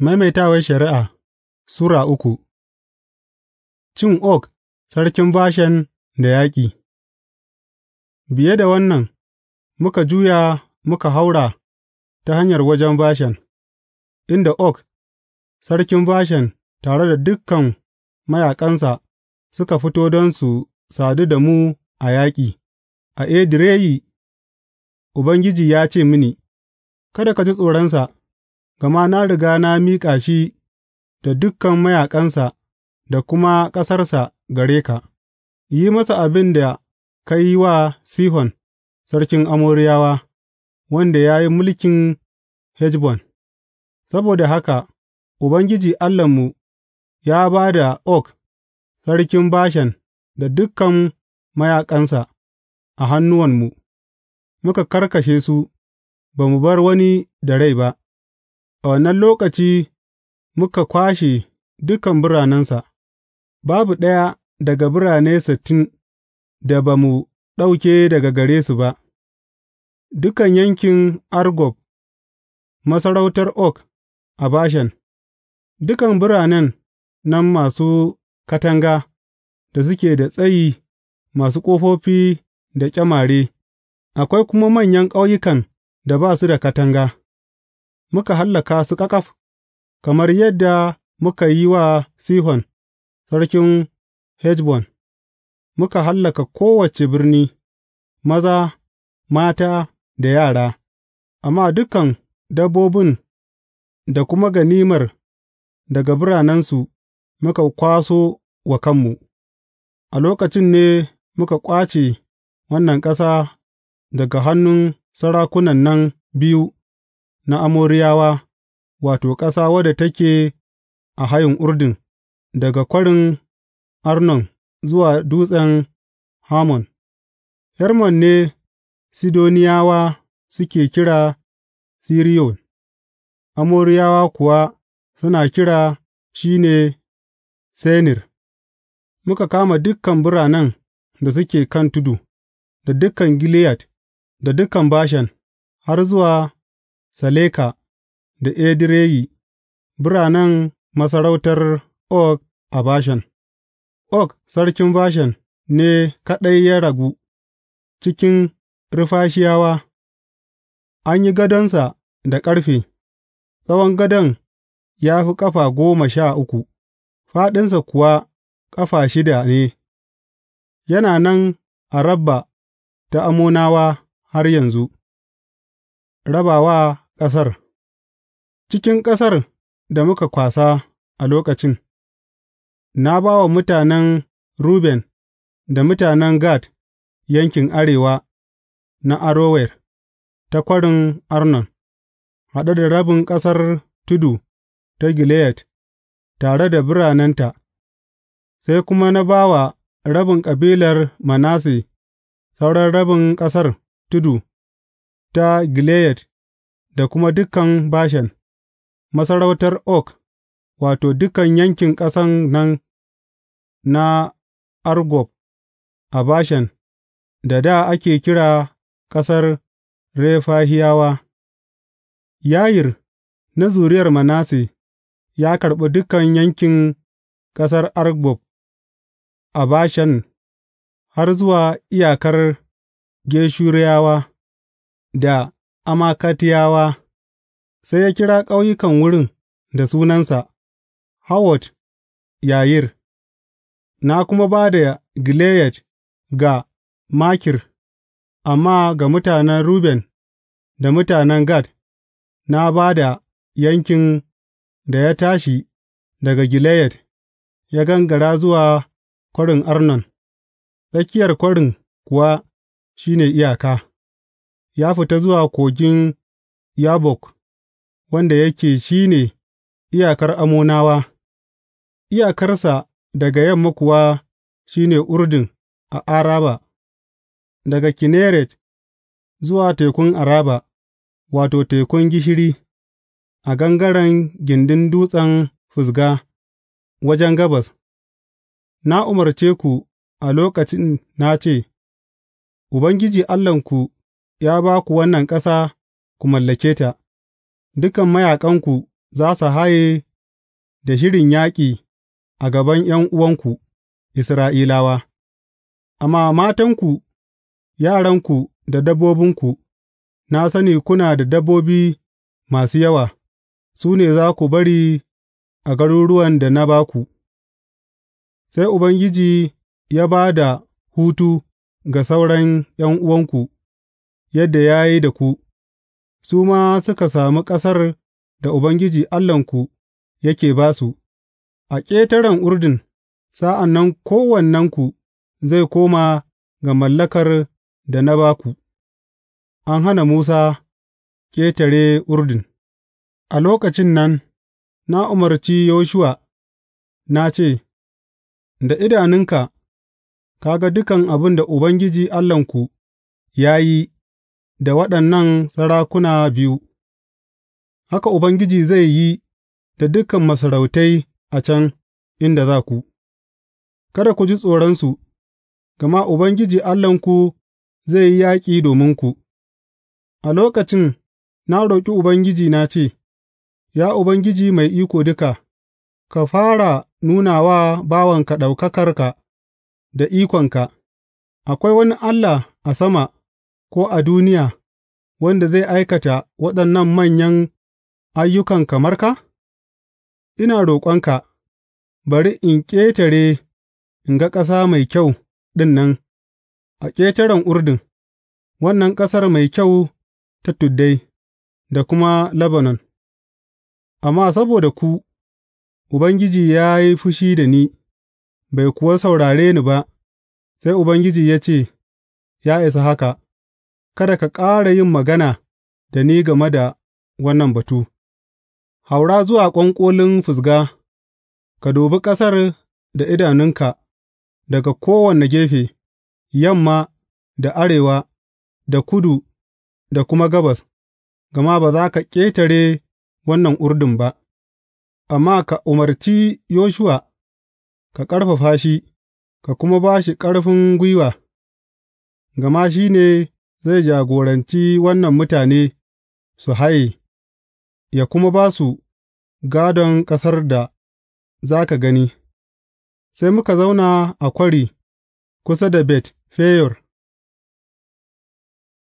Maimaitawar Shari'a Sura uku Cin Og sarkin Bashan da yaƙi Biye da wannan, muka juya muka haura ta hanyar wajen Bashan, inda Og sarkin Bashan tare da dukkan mayaƙansa suka fito don su sadu da mu a yaƙi, a Edireyi, Ubangiji ya ce mini, Kada ka ji tsoronsa. gama na riga na miƙa shi da dukan mayaƙansa da kuma ƙasarsa gare ka, yi masa abin da ka yi wa Sihon sarkin Amoriyawa, wanda ya yi mulkin Heshbon, saboda haka Ubangiji Allahnmu ya ba da ok sarkin Bashan da dukan mayaƙansa a hannuwanmu, muka karkashe su, ba mu bar wani da rai ba. A wannan lokaci muka kwashe dukan biranensa, babu ɗaya daga birane sittin da ba mu ɗauke daga gare su ba, dukan yankin Argob, masarautar Og a Bashan, dukan biranen nan masu katanga da suke da tsayi masu ƙofofi da ƙyamare, akwai kuma manyan ƙauyukan da ba su da katanga. muka hallaka su ƙaƙaf, kamar yadda muka yi wa Sihon sarkin Heshbon, muka hallaka kowace birni, maza, mata da yara, amma dukan dabbobin da kuma ganimar daga biranensu muka kwaso wa kanmu, a lokacin ne muka ƙwace wannan ƙasa daga hannun sarakunan nan biyu na Amoriyawa, wato, ƙasa wadda take a hayin Urdun, daga Kwarin Arnon zuwa Dutsen Hermon. Hermon ne Sidoniyawa suke kira Siriyon, Amoriyawa kuwa suna kira shi ne Senir. Muka kama dukan biranen da suke kan tudu, da dukan Gileyad, da dukan Bashan, har zuwa Saleka da Edireyi, biranen masarautar Og a Bashan Og sarkin Bashan ne kaɗai ya ragu cikin rufashiyawa, an yi gadonsa da ƙarfe, tsawon gadon ya fi ƙafa goma sha uku, fāɗinsa kuwa ƙafa shida ne, yana nan a Rabba ta amonawa har yanzu. Rabawa ƙasar Cikin ƙasar da muka kwasa a lokacin, na ba wa mutanen Ruben da mutanen Gad yankin arewa na Arower ta kwarin Arnon, haɗe da rabin ƙasar tudu ta Gileyad, tare da biranenta, sai kuma na ba wa rabin ƙabilar Manasse sauran rabin ƙasar tudu ta Gileyad da kuma dukan Bashan, masarautar Og, wato, dukan yankin ƙasan nan na Argob a Bashan, da da ake kira ƙasar Refahiyawa. Yayir na zuriyar Manasse ya karɓi dukan yankin ƙasar Argob a Bashan har zuwa iyakar geshuriyawa da Amakatiyawa, sai ya kira ƙauyukan wurin da sunansa, Hawwot Yayir, na kuma ba da Gileyad ga Makir, amma ga mutanen Ruben da mutanen Gad, na ba da yankin da ya tashi daga Gileyad, ya gangara zuwa Kwarin Arnon, tsakiyar kwarin kuwa shi ne iyaka. ya fita zuwa Kogin Yabbok, wanda yake shi ne iyakar Ammonawa, iyakarsa daga yamma kuwa shi ne Urdun a Araba, daga Kinneret zuwa tekun Araba, wato, tekun gishiri, a gangaren gindin dutsen fusga wajen gabas, na umarce ku a lokacin na ce, Ubangiji Allahnku ya ba ku wannan ƙasa ku mallake ta, dukan mayaƙanku za su haye da shirin yaƙi a gaban ’yan'uwanku Isra'ilawa, amma matanku, yaranku da dabbobinku, na sani kuna da dabbobi masu yawa, su ne za ku bari a garuruwan da na ba ku. Sai Ubangiji ya ba da hutu ga sauran uwanku. yadda ya yi da ku, su ma suka sami ƙasar da Ubangiji Allahnku yake ba su, a ƙetaren Urdun, sa'an nan kowannenku zai koma ga mallakar da na ba ku. An hana Musa ƙetare Urdun A lokacin nan, na umarci Yoshuwa, na ce, Da idanunka, ka ga dukan abin da Ubangiji Allahnku ya yi da waɗannan sarakuna biyu, haka Ubangiji zai yi da dukan masarautai a can inda za ku, kada ku ji tsoronsu, gama Ubangiji Allahnku zai yi yaƙi dominku. A lokacin na roƙi Ubangiji na ce, Ya Ubangiji Mai Iko Duka, ka fara nuna wa bawanka ɗaukakarka da ikonka, akwai wani Allah a sama. ko a duniya wanda zai aikata waɗannan manyan ayyukan kamar ka? Ina roƙonka, bari in ƙetare in ga ƙasa mai kyau ɗin nan, a ƙetaren Urdun, wannan ƙasar mai kyau ta tuddai, da kuma Lebanon, amma saboda ku, Ubangiji ya yi fushi da ni, bai kuwa saurare ni ba, sai Ubangiji ya ce, Ya isa haka. Kada ka ƙara yin magana da ni game da wannan batu, haura zuwa ƙwanƙolin fusga. ka dubi ƙasar da idanunka daga kowane gefe, yamma da arewa, da kudu da kuma gabas, gama ba za ka ƙetare wannan Urdun ba, amma ka umarci Yoshuwa, ka ƙarfafa shi, ka kuma ba shi ƙarfin gwiwa, gama shi ne zai jagoranci wannan mutane su haye, ya kuma ba su gādon ƙasar da za ka gani, sai muka zauna a kwari kusa da Bet Feyor.